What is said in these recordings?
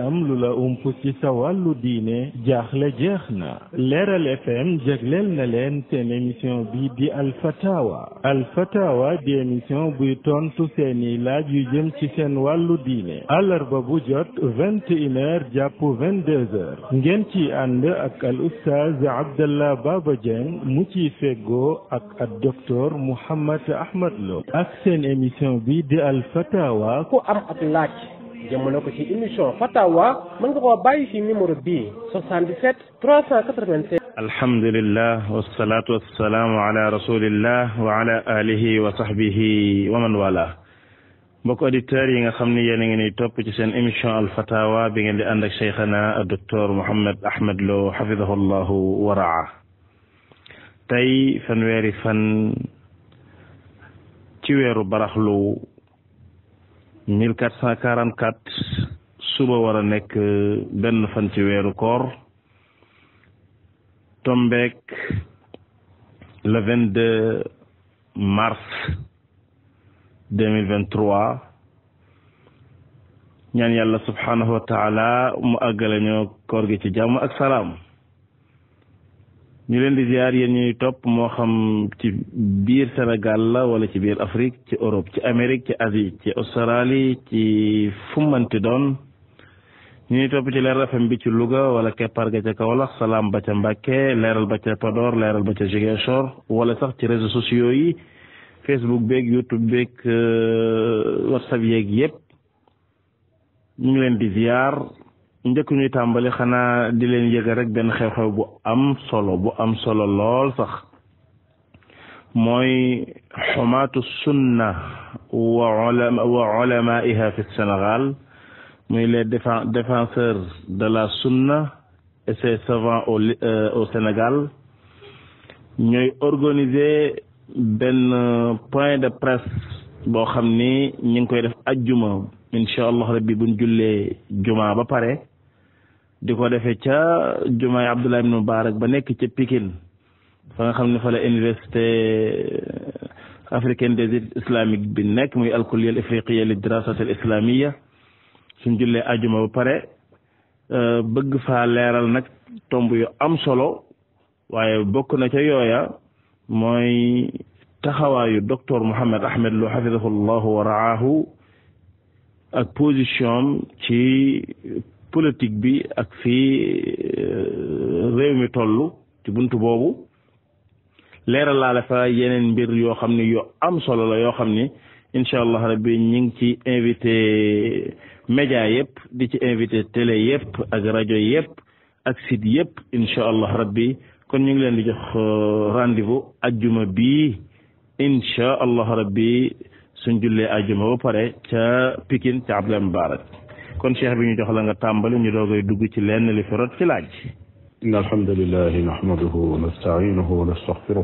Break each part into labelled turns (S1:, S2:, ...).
S1: am lu la ump ci sa wàllu diine jaaxle jeex na leeral fm jégleel na leen seen émission bi di alfatawa alfatawa di émission buy tontu seeni laaj yu jëm ci seen wàllu diine àllarba bu jot vingt et une heures jàpp vingt ngeen ci ànd ak al ustaaz abdallah baaba dieng mu ci feggoo ak ak docteur mouhammad ahmad lo ak seen émission bi di alfatawa ku am ab laaj jëmale ko ci émission fatawa mën nga koo bàyyi ci numéro bii 77 396 alhamdulillah wasalaatu wasalaamu ala rasulillah wa ala alihi wa sahbihi wa man wala mbokk auditeurs yi nga xam ni yéen a ngi ni topp ci seen émission al fatawa bi ngeen di ànd ak cheikhana docteur Mouhamed Ahmed Lo xafidahu llahu wa raa tey fanweeri fan ci weeru baraxlu mille quatre cent quarante quatre suba war a nekk euh, benn fan ci weeru koor tombeek le vingt deux mars deux mille vingt trois ñaan yàlla subhanahu wa mu àggale ñoo koor gi ci jàmm ak salaam ñu leen di ziar yéen ñuy topp moo xam ci biir Sénégal la wala ci biir Afrique ci Europe ci Amérique ci Asie ci Australie ci fu doon ñu ñuy topp ci Leeral FM bi ci Louga wala Keppaar ga ca Kaolack Salaam ba ca Mbàkke Leeral ba ca Podor Leeral ba ca Ziguinchor wala sax ci réseaux sociaux yi Facebook beeg YouTube beeg euh, WhatsApp yeeg yëpp ñu ngi leen di ziar. njëkk ñuy tàmbali xanaa di leen yëgal rek benn xew-xew bu am solo bu am solo lool sax mooy xumaatu sunna wa ulama wa ulamaiha fi Sénégal muy les défenseurs de la sunna est ses savants au euh, au Sénégal ñoy organiser benn point de presse boo xam ni ñu ngi koy def ajjuma incha allah rabbi buñ jullee jumaa ba pare di ko defee ca jumaay Abdullah ibn Mubarak ba nekk ca Pikine fa nga xam ne fa université africaine des études islamiques bi nekk muy alkulliya al ifriqiya li dirasat al islamia suñ ajuma ba pare euh, bëgg fa leeral nag tomb yu am solo waaye bokk na ca yooya mooy taxawaayu docteur Mouhamed Ahmed Lo xafidahu llahu wa ak position ci politique bi ak fii euh, réew mi toll ci bunt boobu leeralaale fa yeneen mbir yoo xam ne yu am solo la yoo xam ni incha allah rabbi ñi ngi ci invité média yëpp di ci invité télé yëpp ak rajo yëpp ak site yëpp incha allah rabbi kon ñu ngi leen di jox euh, rendez-vous ajjuma bii incha allah rabbi suñ jullee ajuma ba pare ca Pikine ca Abdoulaye Mbarak kon cheikh bi ñu jox la nga tàmbali ñu doogay dugg ci lenn li fi rot ci laaj
S2: inna alhamdulillahi nahmaduhu wa nasta'inuhu wa nastaghfiruh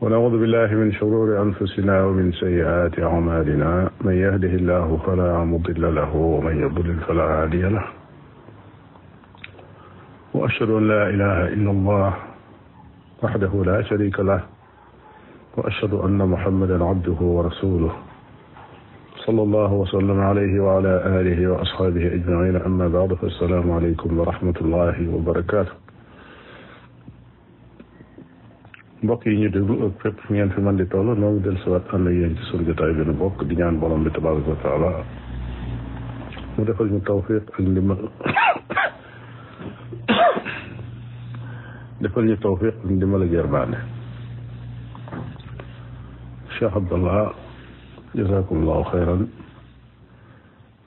S2: wa na'udhu billahi min shururi anfusina wa min sayyi'ati a'malina man yahdihillahu fala mudilla lahu wa man yudlil fala hadiya lahu wa ashhadu an la ilaha illa allah wahdahu la sharika lahu wa ashhadu anna muhammadan abduhu wa rasuluhu sallallahu wa sallam alayhi wa ala alihi wa ashaabihi ajmain amma baadu fa assalaamu aleykum wa rahmatullahi wa barakaatu mbokk yi ñu déglu ak fépp fu ngeen fi mën di toll noo ngi del siwaat ànd ak yéen ci sunu jotaay bi nu bokk di ñaan borom bi tabaraka wa taala mu defal ñu tawfiq ak ndimbal defal ñu tawfiq ak ndimbal ak yerbaande Cheikh Abdallah jazakumullahu xayran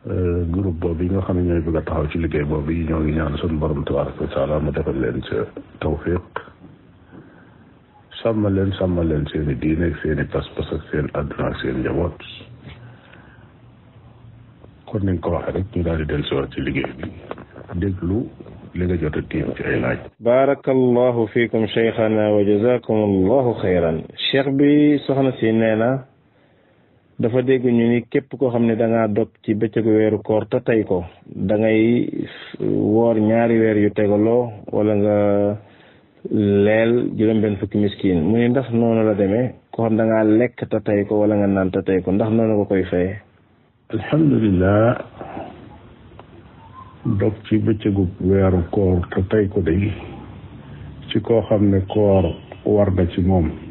S2: euh, groupe boobu yi nga xam ne ñooy bëgg a taxaw ci liggéey boobu yi ñoo ngi ñaan suñu borom tabaraka wa taala mu defal leen ca tawfiq sàmmal leen sàmmal leen seen i diine ak seen i pas-pas ak seen àdduna ak seen njaboot kon ni nga ko waxee rek ñu daal di dellusiwaat ci liggéey bi déglu li nga jot a tiim ci ay laaj.
S1: baarakallahu fiikum cheikhana wa jazakumullahu xayran cheikh bi soxna si nee na. dafa dégg ñu ni képp koo xam ne da dog ci bëccëgu weeru koor te tey ko da uh, woor ñaari weer yu tegaloo walla nga leel juróom-benn fukki miskin mu ni ndax noonu la demee ko xam da ngaa lekk te tey ko wala nga naan te tey ko ndax noonu nga koy fayee. alhamdulilah
S2: dog ci bëccëgu weeru koor te tey ko de ci koo xam ne koor war na ci moom.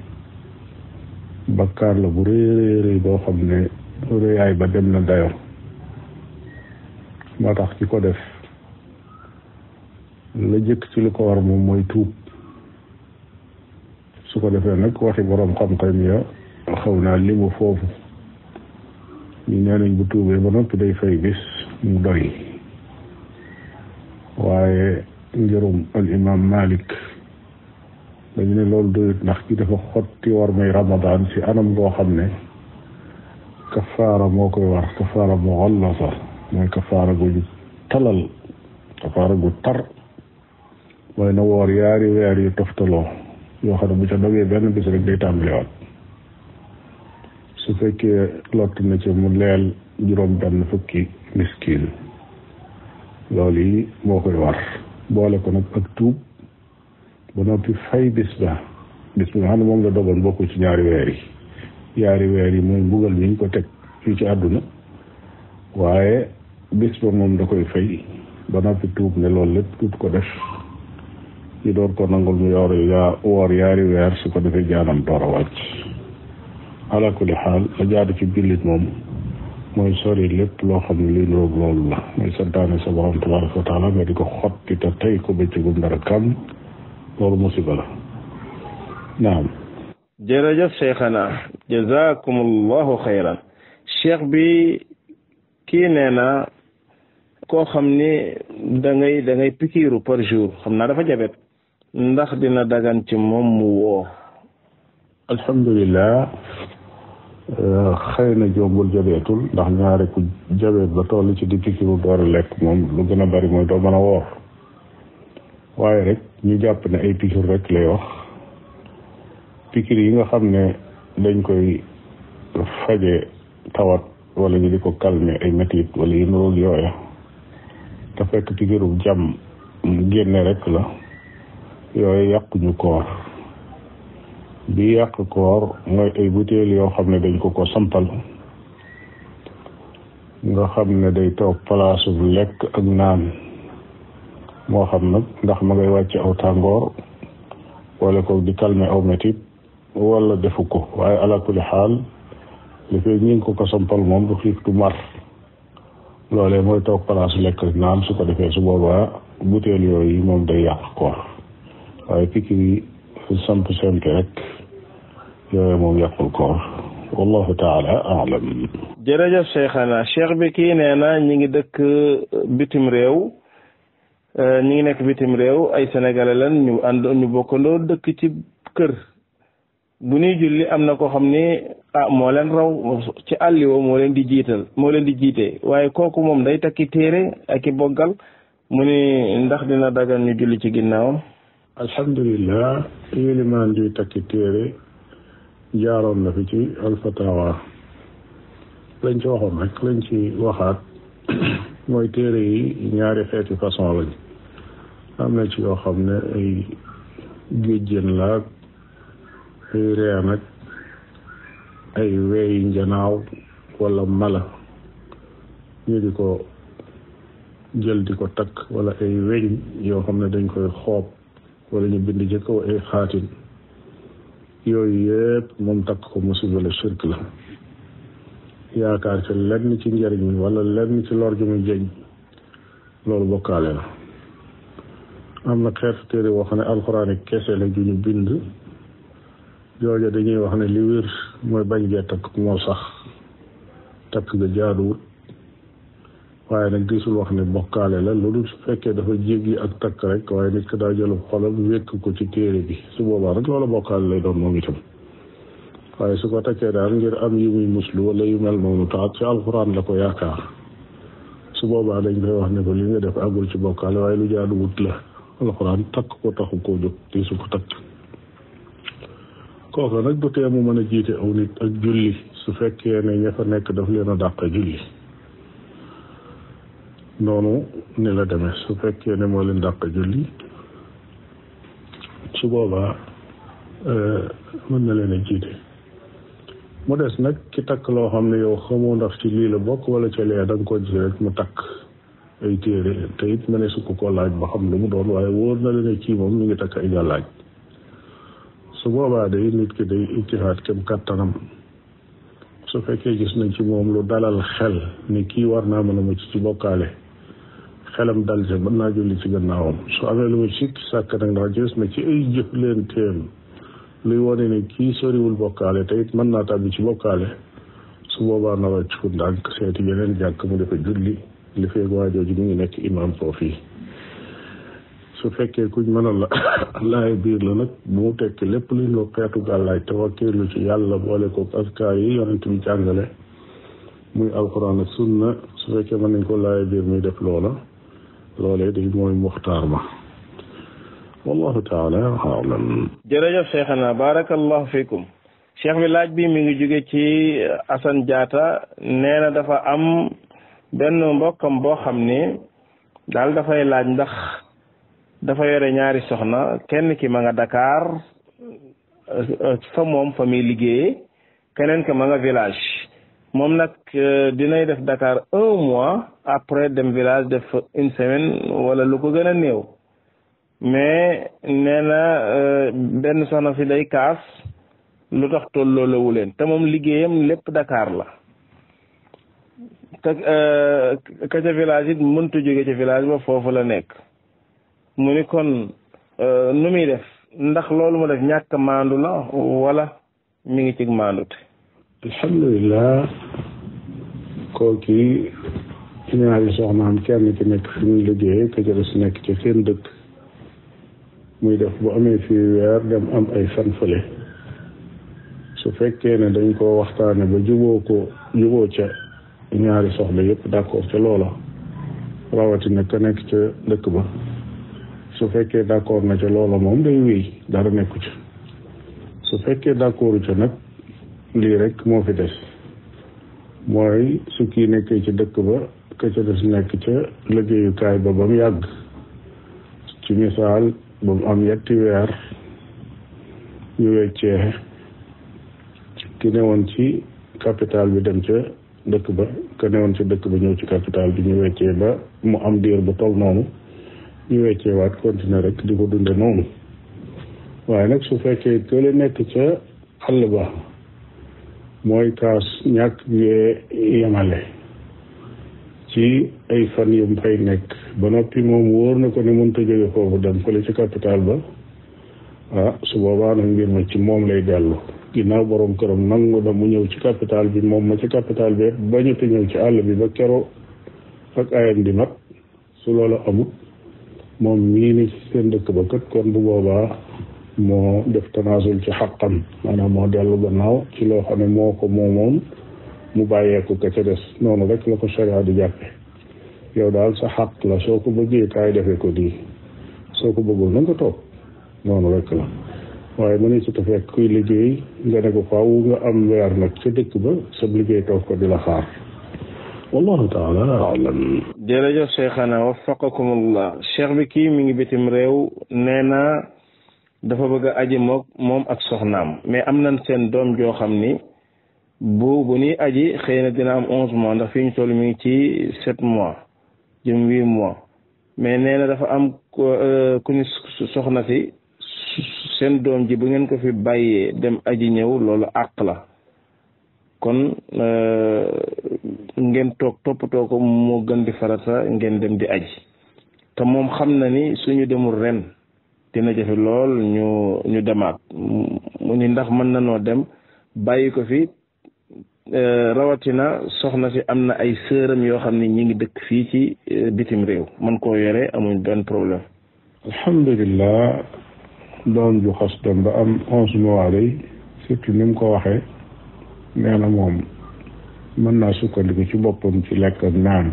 S2: bakkaar la bu rëy rëy boo xam ne ay ba dem na dayo moo tax ci ko def la jëkk ci li ko war moom mooy tuub su ko defee nag waxi boroom xam-xam ya xaw naa limu foofu ñu nee bu tuubee ba noppi day fay bis mu doy waaye ngirum al imam Malik dañu ne loolu doyut ndax ki dafa xotti war may ramadaan ci anam goo xam ne kafaara moo koy war kafaara mu xollasa mooy kafaara gu talal kafaara gu tar mooy na woor yaari weer yu toftaloo yoo xam ne bu ca dogee benn bis rek day tàmbaliwaat su fekkee lott na ci mu leel juróom benn fukki miskiin loolu yi moo koy war boole ko nag ak tuub ba noppi fay bis ba bis bi nga xam ne moom la dogal bokkul ci ñaari weer yi ñaari weer yi mooy mbugal mi ko teg fii ci àdduna waaye bis moom da koy fay ba noppi tuub ne loolu lépp tuub ko def ci doon ko nangul mu woor yaari weer su ko defee jaanam door a wàcc la ci billit moom mooy sori lépp loo xam ne luy niroog loolu la mooy santaane sa borom tabaraka wa nga di ko xotti te tey ko bëccëgum dara kam loolu musiba la
S1: naam jërëjëf cheikhana jazakumullahu xayran cheikh bi kii nee na koo xam ni da ngay da par jour xam naa dafa jabet ndax dina dagan ci moom mu woo alhamdulilah euh,
S2: xëy na jombul ndax ñaare ku jabeet ba toll ci di pikiiru door a lekk moom lu gën a bari mooy doo mën a woor waaye rek ñu jàpp ne ay piqûre rek lay wax piqûre yi nga xam ne dañ koy faje tawat wala ñu di ko calmer ay métit wala yu nuroog yooya te fekk piqûre jàmm génne rek la yooyu yàquñu koor bi yàq koor mooy ay butéel yoo xam ne dañ ko ko sampal nga xam ne day toog palaasu lekk ak naan moo xam nag ndax ma ngay wàcc aw tàngoor wala ko di calmer aw métit wala defu ko waaye ala kulli xaal li fee ñi ngi ko ko sampal moom du xiif mar loolee mooy toog place lekk naan su ko su boobaa butéel yooyu moom day yàq koor waaye piki yi samp seen ki moom yàqul koor wallahu taala
S1: alam jërëjëf cheikhana cheikh bi kii nee na ñi ngi dëkk bitim réew Euh, ñi ngi nekk bitim réew ay sénégalais lan ñu ñu bokkandoo dëkk ci kër bu ñuy julli am na koo xam ni ah moo leen raw ci àlliwo moo leen di jiital moo leen di jiite waaye kooku moom day takki téere ak i boggal mu ni ndax dina dagan ñu julli ci ginnaawam alhamdulillah
S2: ilimaan di takki téere jaaroon na fi ci alfatawa lañ ci waxoon rek lañ ci waxaat mooy téere yi ñaari xeeti façon lañ am na ci yoo xam ne ay géjjën la ak ay reen ak ay weeyi njanaaw walla mala ñu di ko jël di ko takk walla ay weñ yoo xam ne dañ koy xoob wala ñu bind ci kaw ay xaatin yooyu yëpp moom takk ko musiba la shirk la yaakaar ci lenn ci njëriñ wala lenn ci lor ju muy loolu bokkaale la am na xeetu téere boo xam ne alxuraan kese la ju ñu bind jooja dañuy wax ne li wér mooy bañ gee takk moo sax takk ga jaaduwut waaye nag gisul wax ne bokkaale la loolu su fekkee dafa jéggi ak takk rek waaye nit ko daa jëlu xolam wékk ko ci téere bi su boobaa rek loola bokkaale lay doon moom itam waaye su ko takkee daal ngir am yu muy muslu wala yu mel noonu taat ci alxuraan la ko yaakaar su boobaa dañ koy wax ne ko li nga def agul ci bokkaale waaye lu jaadu wut la alxuraan takk ko taxu koo jóg te su ko takk kooku nag du tee mu mën a jiite aw nit ak julli su fekkee ne ña fa nekk daf leen a dàq julli noonu ni la deme su fekkee ne moo leen dàq julli su boobaa euh, mën na leen a jiite mu des nag ki takk loo xam ne yow xamoo ndax ci lii la bokk wala ca lee da nga ko gis rek mu takk ay téere te it ma ne su ko laaj ba xam lu mu doon waaye wóor na la ne kii moom mi ngi takk ay gàllaaj su boobaa day nit ki day ijtihaad kattanam su fekkee gis nañ ci moom lu dalal xel ni kii war naa mën a mucc ci bokkaale xelam dal ca mën naa julli ci gannaawam su amee lu mu sikk sàkk nag ndax gis na ci ay leen jëflanteem luy wone ne kii soriwul bokkaale te it mën naa tàbbi ci bokkaale su boobaa na wàccu ndànk seeti yeneen jàkk mu defa julli li feeg waajooju mu ngi nekk imaam foofu yi su fekkee kuñ mënal la laay biir la nag bu mu tekki lépp luñ ko xeetu gàllaaj te wakkiirlu ci yàlla boole ko askaar yi yonent bi jàngale muy alquran ak sunna su fekkee mën nañ ko laay biir muy def loola loolee day mooy muxtaar ma wallahu taala alam
S1: jërëjëf cheikhana barakallahu fikum cheikh bi laaj bi mi ngi jóge ci Assane Diatta nee na dafa am benn mbokkam boo xam ni daal dafay laaj ndax dafa yore ñaari soxna kenn ki ma nga Dakar fa moom fa muy liggéeyee keneen ki ma nga village moom nag euh, dinay def Dakar un mois après dem village def une semaine wala lu ko gën a néew mais nee na euh, benn soxna si day kaas lu tax tolloo lawu leen te moom liggéeyam lépp dakaar la te euh, ka ca village it mënta jóge ca village ba foofu la nekk mu ni kon euh, nu muy def ndax loolu mu def ñàkk maandu la wala mi ngi cig maandute
S2: alhamdulilah kooki ñaari soxnaam kenn ki nekk fi mu liggéey ka ca des nekk ci seen dëkk muy def bu amee fii weer dem am ay fan su fekkee ne dañ koo waxtaane ba juboo ko juboo ca ñaari soxla yëpp d'accord ca loola rawatina ka nekk ca dëkk ba su fekkee d'accord na ca loola moom day wéy dara nekku ca su fekkee d'accordu ca nag lii rekk moo fi des mooy su nekkee ci dëkk ba ka ca des nekk ca liggéeyukaay ba ba mu yàgg ci misaal ba mu am ñetti weer ñu weccee ki newoon ci capital bi dem ca dëkk ba ka newoon ci dëkk ba ñëw ci capital bi ñu weccee ba mu am diir bu toll noonu ñu weccee waat continuer rekk di ko dunde noonu waaye nag su fekkee kële nekk ca àll ba mooy kaas ñàkk yee yemale ci ay fan yu fay nekk ba noppi moom wóor na ko ne mënta jóge foofu dem fële ci capital ba ah su boobaa nag mbir ma ci moom lay dellu ginnaaw borom këram nangu na mu ñëw ci capital bi moom ma ci capital bi bañuta ñëw ci àll bi ba kero ak di mat su loolu moom mii dëkk ba kët kon bu boobaa moo def tanaasul ci xaqam maanaam moo dellu gannaaw ci loo xam ne moo ko moomoon mu bàyyeeku ka ca des noonu rek la ko sharia di jàppe yow daal sa xàq la soo ko bëggee kaay defee ko di soo ko bëggul na nga toog noonu rek la waaye mu ne su kuy liggéey nga ne ko faaw nga am weer nag ca dëkk ba sa liggéey toog ko di la xaar
S1: wallahu taala alam jërëjëf cheikhana waffaqakumullah cheikh bi kii mi ngi bitim réew nee na dafa bëgg aji mook moom ak soxnaam mais am na seen doom joo xam ni bu bu aji xëy na dina am onze mois ndax fi ñu toll mi ngi ci set mois jëm huit mois mais nee na dafa am ku euh, ni soxna fi seen doom ji bu ngeen ko fi bàyyee dem aji ñëw loolu àq la kon euh, ngeen toog toppatoo ko moo gën di farata ngeen dem di aji te moom xam na ni suñu demul ren dina jafe lool ñu ñu demaat mu ni ndax mën na noo dem bàyyi ko fi Euh, rawatina soxna si am na ay sëram yoo xam ne ñi ngi dëkk fii ci euh, bitim réew man koo yore amuñ benn problème
S2: alhamdulilah doom ju xas dem ba am onze mois day surtout ni mu ko waxee nee na moom mën naa sukkandiku ci boppam ci lekk ak naan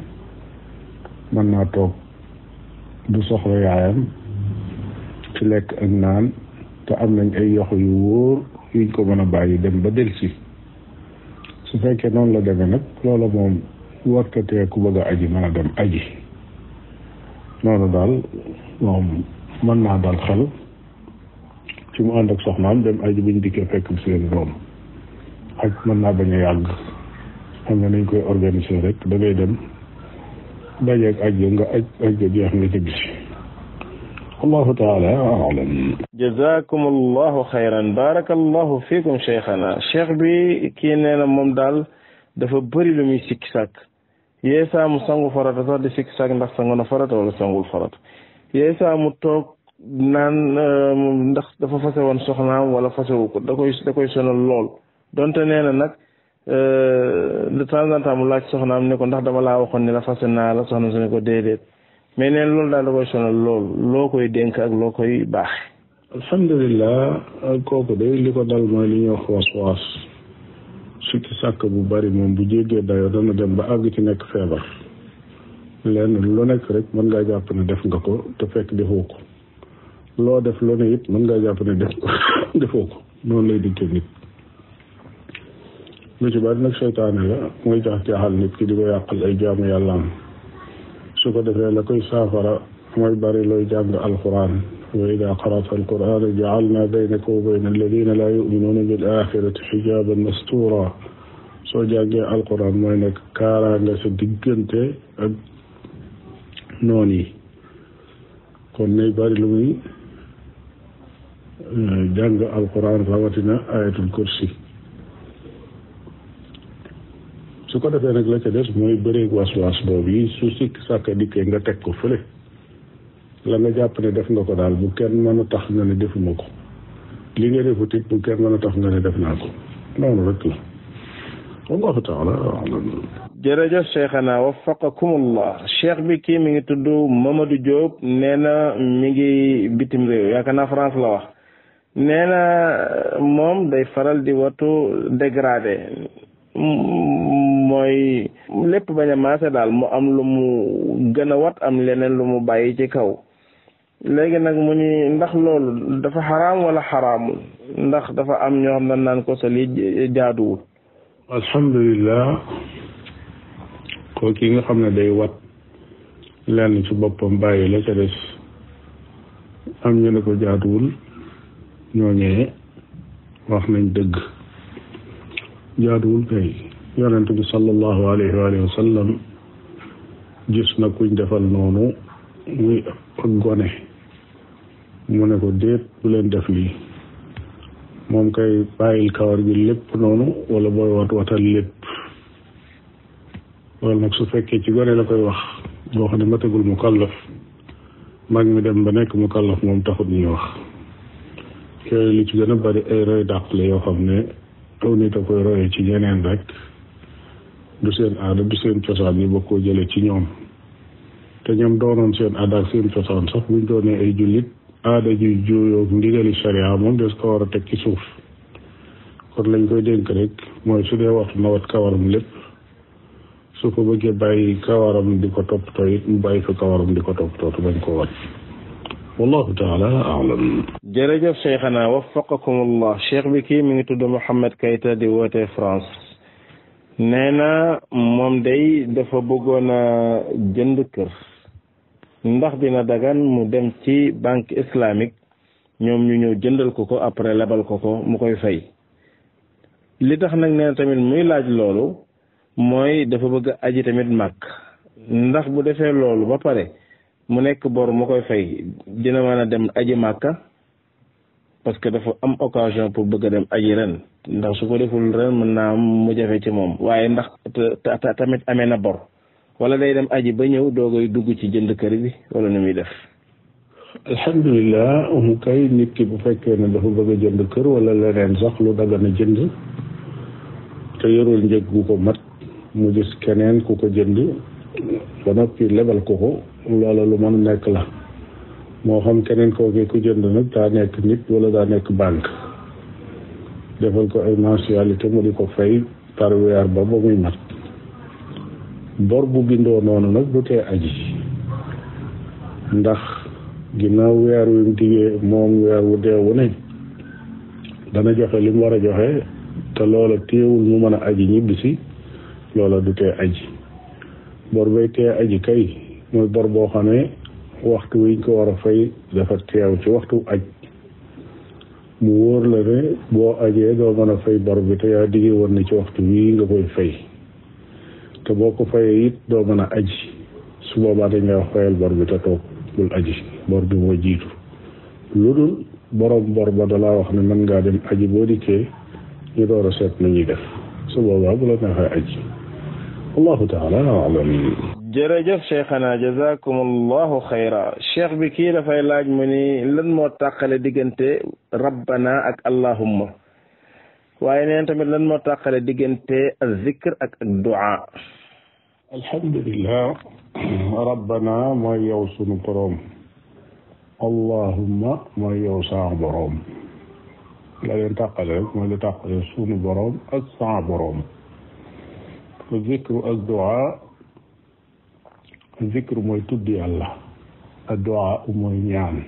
S2: mën naa toog du soxla yaayam ci lekk ak naan te am nañ ay yox yu wóor yuñ ko mën a bàyyi dem ba del delsi su fekkee noonu la deme nag loola moom wartatee ku bëgg a aji mën a dem aji noonu daal moom mën naa daal xel ci mu ànd ak soxnaam dem aji buñ dikkee fekk bi seen doom xaj mën naa bañ a yàgg xam ne nañ koy organiser rek da dem dajeeg aj nga aj aj nga ci bisi allahu taala alam
S1: jazakum allahu xayran barakallahu fikum cheikhana cheikh bi kii nee na moom daal dafa bëri lu muy sikki sàkk mu sangu farata sax di sikki ndax sangu na farata wala sangul farata yeesaa mu toog naan euh, ndax dafa fase woon soxnaam wala fasewu ko da koy da lool donte nee na nag euh, de temps en temps mu laaj soxnaam ne ko ndax dama laa waxoon ne la fase naa la soxna su ne ko déedéet mais neen loolu daal da koy sonal loolu loo koy dénk ak loo koy baax alhamdulilah
S2: kooku de li ko dal mooy li ñuy wax was-was sukki sàkk bu bari moom bu jéggee dayoo dana dem ba àgg ci nekk feebar lenn lu nekk rek mën ngaa jàpp ne def nga ko te fekk defoo ko loo def lu ne it mën ngaa jàpp ne def defoo ko noonu lay dikkee nit lu ci bari nag seytaane la mooy jax jaaxal nit ki di ko yàqal ay jaamu yàlla am su ko defee la koy saafara mooy bari looy jàng alquran wa ida qarata alqurana jaalna baynaka wa bayna alladina laa yuminuuna bil axirati xijaaban mastura soo jàngee alquran mooy nekk kaaraanga sa diggante ak noon yi kon nay bari lu muy eh, jàng alquran rawatina ayatul kursi su ko defee nag la ca des mooy bëreeg waswaas boobu yi su sikk sàkka dikkee nga teg ko fële la nga jàpp ne def nga ko daal bu kenn mën a tax nga ne defuma ko li nga defut it bu kenn mën a tax nga ne def naa ko noonu rek la wallahu taala
S1: alam jërëjëf cheikhana waffaqakumullah cheikh bi kii mi ngi tudd Mamadou Diop nee na mi ngi bitim réew yaakaar naa France la wax nee moom day faral di watu dégradé mooy lépp bañ a maase daal mu am lu mu gën a wat am leneen lu mu bàyyi ci kaw léegi nag mu ni ndax loolu dafa xaraam wala xaraamul ndax dafa am ñoo xam ne naan ko sa li koo ki nga xam ne day wat lenn ci boppam
S2: bàyyi la ca des am ñu ne ko jaaduwul ñooñee wax nañ dëgg jaaduwul kay yonent bi sallallahu alayhi wa sallam gis na kuñ defal noonu muy ak gone mu ne ko déet bu leen def lii moom kay bàyyil kawar gi lépp noonu wala booy wat watal lépp loolu nag su fekkee ci gone la koy wax boo xam ne matagul mu kallaf mag mi dem ba nekk mu kallaf moom taxut ñuy wax yooyu li ci gën a bari ay roy dàq la yoo xam ne aw nit a koy royee ci ñeneen rek du seen aada du seen cosaan yi ba jële ci ñoom te ñoom doonoon seen aada seen cosaan sax buñ doonee ay jullit aada ji juyoog ndigali sharia moom des ko war a teg ci suuf kon lañ koy dénk rek mooy su dee waxtu na wat kawaram lépp su ko bëggee bàyyi kawaram di ko toppatoo it mu bàyyi fi kawaram di ko toppatoo te bañ ko wat wallahu taala alam
S1: jërëjëf cheikhana waffaqakum allah cheikh bi kii mi ngi tudd Mouhamed Keita di wootee France nee na moom day dafa bëggoon a jënd kër ndax dina dagan mu dem ci banque islamique ñoom ñu ñëw jëndal ko ko après labal ko ko mu koy fay li tax nag nee tamit muy laaj loolu mooy dafa bëgg aji tamit màkk ndax bu defee loolu ba pare mu nekk bor mu koy fay dina mën a dem aji màkka parce que dafa am occasion pour bëgg a dem aji ren ndax su ko deful ren mën naa am mu jafe ci moom waaye ndax tamit amee na bor wala day dem aji ba ñëw doogay dugg ci jënd kër bi wala nu muy def
S2: alhamdulilah mu um kay nit ki bu fekkee ne dafa bëgg jënd kër wala leneen sax lu dagan na jënd te yorul njëg gu ko mat mu gis keneen ku ko jënd ba noppi lebal ko ko loola lu mën nekk la moo xam keneen koo ku jënd nag daa nekk nit wala daa nekk banque defal ko ay mensualité mu di ko fay par weer ba ba muy mat bor bu bindoo noonu nag du tee aji ndax ginnaaw weer wi mu digee moom weer wu dee wu ne dana joxe li mu war a joxe te loola téewul mu mën a aji ñibbisi loola du tee aji bor bay tee aji kay mooy bor boo xam ne waxtu wiñ ko war a fay dafa teew ci waxtu aj mu wóor la ne boo ajee doo mën a fay bor bi te yaa digge woon ne ci waxtu wii nga koy fay te boo ko fayee it doo mën a aji su boobaa dañ ngay wax fayal bor bi te toog bul aji bor bi moo jiitu lu dul borom bor ba dalaa wax ne mën ngaa dem aji boo dikkee ñu door a seet na ñuy def su boobaa bu la neexee aji
S1: wallahu taala alam jërëjëf cheikhana jazakumullahu xayra cheikh bi kii dafay laaj mu ni lan moo tàqale diggante rabbana ak allahumma waaye neen tamit lan moo tàqale diggante azikr ak ak du'a alhamdulillah rabbana mooy yow
S2: sunu boroom allahumma mooy yow saa boroom la leen tàqale rek mooy la tàqale sunu boroom ak saa boroom zikr ak du'a zikr mooy tudd yàlla addu'a mooy ñaan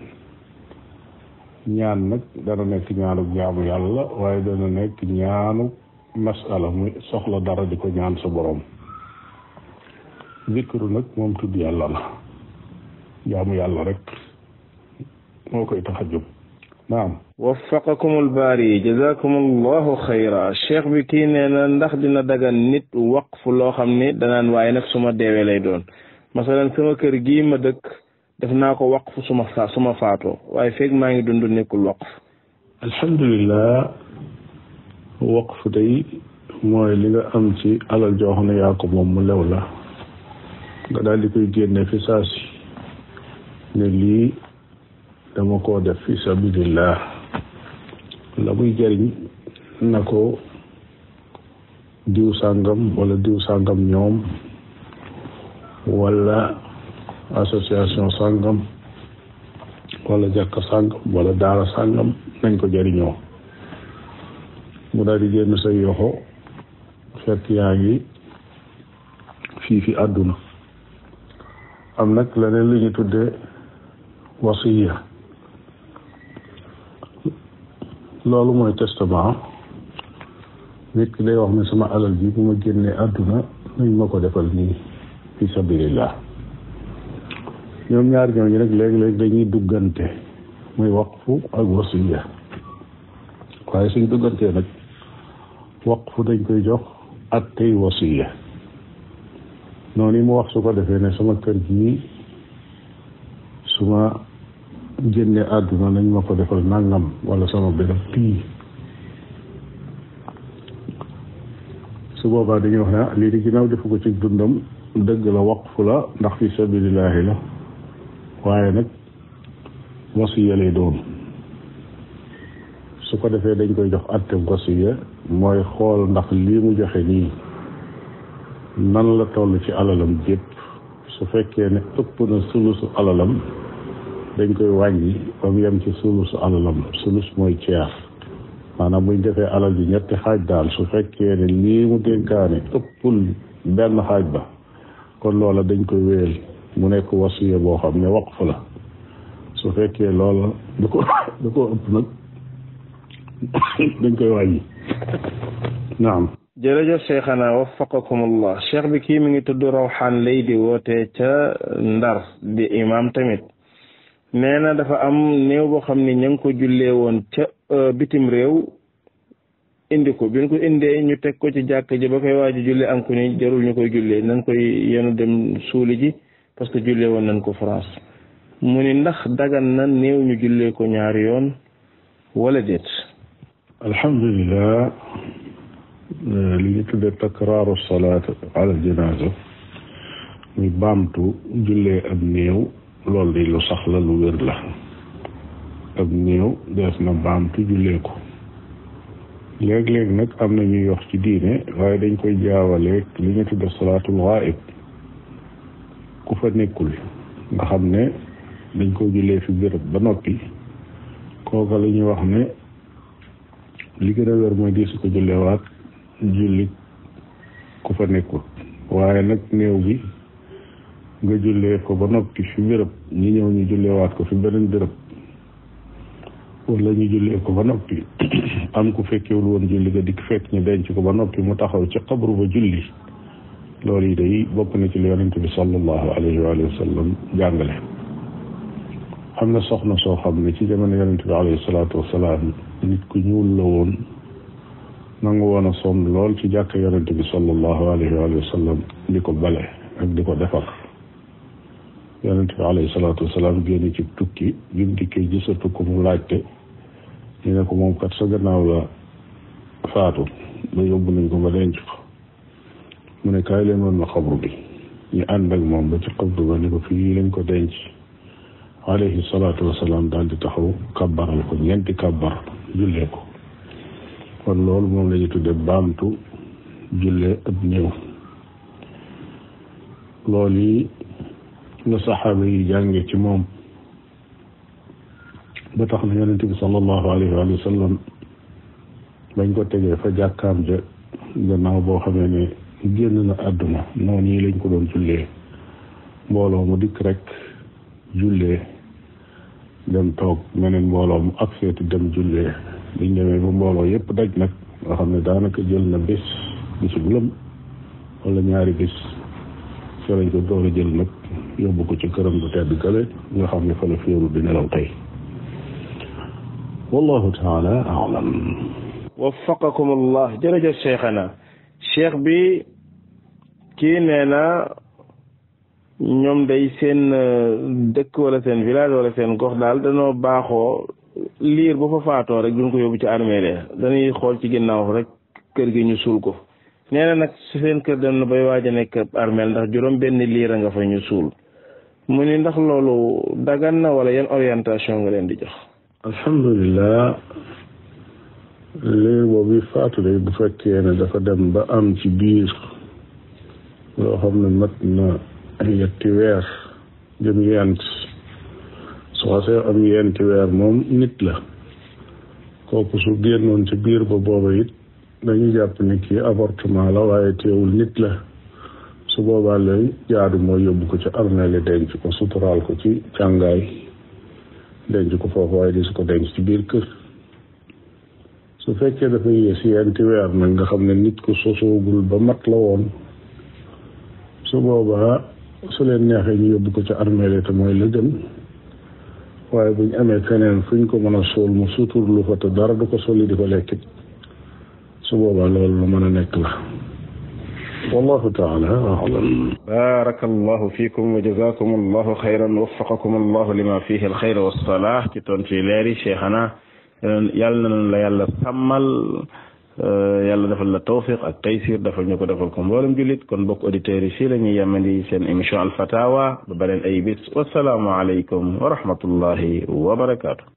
S2: ñaan nag dana nekk ñaanu jaamu yàlla waaye dana nekk ñaanu masala muy soxla dara di ko ñaan sa borom zikru nag moom tudd yàlla la jaamu yàlla rek moo koy tax
S1: naam waffaqakum albaari jazakum allahu xayra cheikh bi kii nee na ndax dina dagan nit waqf loo xam ni danaan waaye nag suma deewee lay doon masalan sama kër gii ma dëkk def naa ko waqf suma fa suma faatoo waaye feeg maa ngi dund nekkul waqf alhamdulilah waqf day mooy li nga am ci alal
S2: joo xam yaa ko moom mu lew la nga daal di koy génne fi saa ne lii dama koo def fi sabilillah la muy jëriñ na ko diw sàngam wala diw sàngam ñoom wala association sàngam wala jàkka sàngam wala daara sàngam nañ ko jariñoo mu daal di génn say yoxo fekk yaa ngi fii fi àdduna am nag leneen li ñu tuddee wasiya loolu mooy testament nit ki day wax ne sama alal bi bu ma génnee àdduna nañ ma ko defal nii fi sabilillah ñoom ñaar ñooñu nag léeg-léeg dañuy duggante muy waqfu ak wasiya waaye suñ duggantee nag waqfu dañ koy jox ak tey wasiya noonu yi mu wax su ko defee ne sama kër gi su ma génne àdduna nañ ma ko defal nangam wala sama benn pii su boobaa dañuy wax ne ah lii di ginnaaw defu ko ci dundam dëgg la waqfu la ndax fi sabilillahi la waaye nag wasiya lay doom su ko defee dañ koy jox àtte wasiya mooy xool ndax lii mu joxe nii nan la toll ci alalam jépp su fekkee ne ëpp na sulusu alalam dañ koy wàññi ba mu yem ci sulusu alalam sulus mooy ceer maanaam buñ defee alal bi ñetti xaaj daal su fekkee ne lii mu dénkaane ëppul benn xaaj ba kon loola dañ koy wéyal mu nekk wasiya boo xam ne waqf la su fekkee loola da ko da
S1: dañ koy wàññi naam jërëjëf cheikhana waffaqakum allah cheikh bi kii mi ngi tudd Rawxaan lay di wootee ca Ndar di imam tamit nee na dafa am néew boo xam ne ña ngi ko jullee woon ca euh, bitim réew indi ko bi ñu ko indee ñu teg ko ci jàkk ji ba koy waaji julli am ku ni jarul ñu koy jullee nañ koy yenu dem suuli ji parce que jullee woon nañ ko France mu ni ndax dagan na néew ñu jullee ko ñaari yoon wala déet
S2: alhamdulilah li ñu tuddee takraaru salaat ala janaasa ñu baamtu jullee ab néew loolu di lu sax la lu wér la ab néew def na baamtu jullee ko léeg-léeg nag am na ñuy wax ci diine waaye dañ koy jaawaleeg li ñu tudde salaatul ghaib ku fa nekkul nga xam ne dañ koo jullee fi béréb ba noppi kooka la ñuy wax ne li gën a wér mooy di su ko jullewaat julli ku fa nekkul waaye nag néew bi nga jullee ko ba noppi fi béréb ñi ñëw ñu jullewaat ko fi beneen béréb wala ñu jullee ko ba noppi am ku fekkewul woon julli ga dikk fekk ñu denc ko ba noppi mu taxaw ci xabru ba julli loolu yi day bokk na ci li yonent bi sallallahu alayhi wa sallam jàngale na soo xam ne ci jamono yonent bi alayhi nit ku ñuul la woon nangu woon a sonn lool ci jàkk yonent bi sallallahu wa sallam di ko bale ak di ko defar yonent bi alayhi salaatu wasalaam génn ci tukki bi mu dikkee gisatu mu laajte ñu ne ko moom kat sa gannaaw la faatu ba yóbbu nañ ko ba denc ko mu ne kaay leen woon ma xabru bi ñu ànd ak moom ba ci xabru ba ne ko fii lañ ko denc alayhi salaatu wasalaam daal di taxaw kàbbaral ko ñeenti kàbbar jullee loolu moom la ñu tudde baamtu jullee ab néew loolu la saxaaba yi ci moom ba tax na yonent bi sallallahu alayhi wa sallam bañ ko tegee fa jàkkaam ja gannaaw boo xamee ne génn na àdduna noonu yi lañ ko doon jullee mbooloo mu dikk rekk jullee dem toog meneen mbooloo mu ak seeti dem jullee liñ demee ba mbooloo yépp daj nag nga xam ne daanaka jël na bi bisu lëm wala ñaari bés so lañ ko door a jël nag yóbbu ko ci këram bu tedd gale nga xam ne fa la féeru di nelaw tey
S1: wallahu taala alam waffaqakum allah jërëjëf na cheikh bi kii nee na ñoom day seen euh, dëkk wala seen village wala seen gox daal danoo baaxoo liir bu fa faatoo rek duñ ko yóbbu ci armée de dañuy xool ci ginnaaw rek kër gi ñu suul ko nee nag su seen kër dem na bay waaj a nekk armeel ndax juróom benn liir a nga fa ñu suul mu ni ndax loolu dagan na wala yenn orientation nga leen di jox alhamdulilah
S2: léegi boobu faatu day bu fekkee ne dafa dem ba am ci biir loo xam ne mat na yetti weer jëm yent su xasee am yenti weer moom nit la kooku su génnoon ci biir ba booba it dañu jàpp ni kii la waaye teewul nit la su boobaa lay jaadu mooy yóbbu ko ci armée li denc ko suturaal ko ci càngaay denc ko foofu waaye di su ko denc ci biir kër su fekkee dafa yées yenti weer nag nga xam ne nit ku sosoogul ba mat la woon su boobaa su leen neexee ñu yóbbu ko ca armeel te mooy la gën waaye ñu amee keneen fuñ ko mën a sool mu suturlu fa te dara du ko soli di ko lekkit su boobaa loolu lu mën a nekk la wallahu
S1: taala alam barakallahu fikum wa jazakum allahu xayran waffaqakum allahu lima fihi alxayr wassalah ci tontu yi leeri cheikhana yàlla na la yàlla sàmmal euh, yàlla defal la tawfiq ak taysir defal ñu ko defal ko mboolem jullit kon bokk auditeurs yi fii la ñuy yemandi seen émission alfatawa ba beneen ay bis wasalaamu aleykum wa rahmatullahi wa barakaatu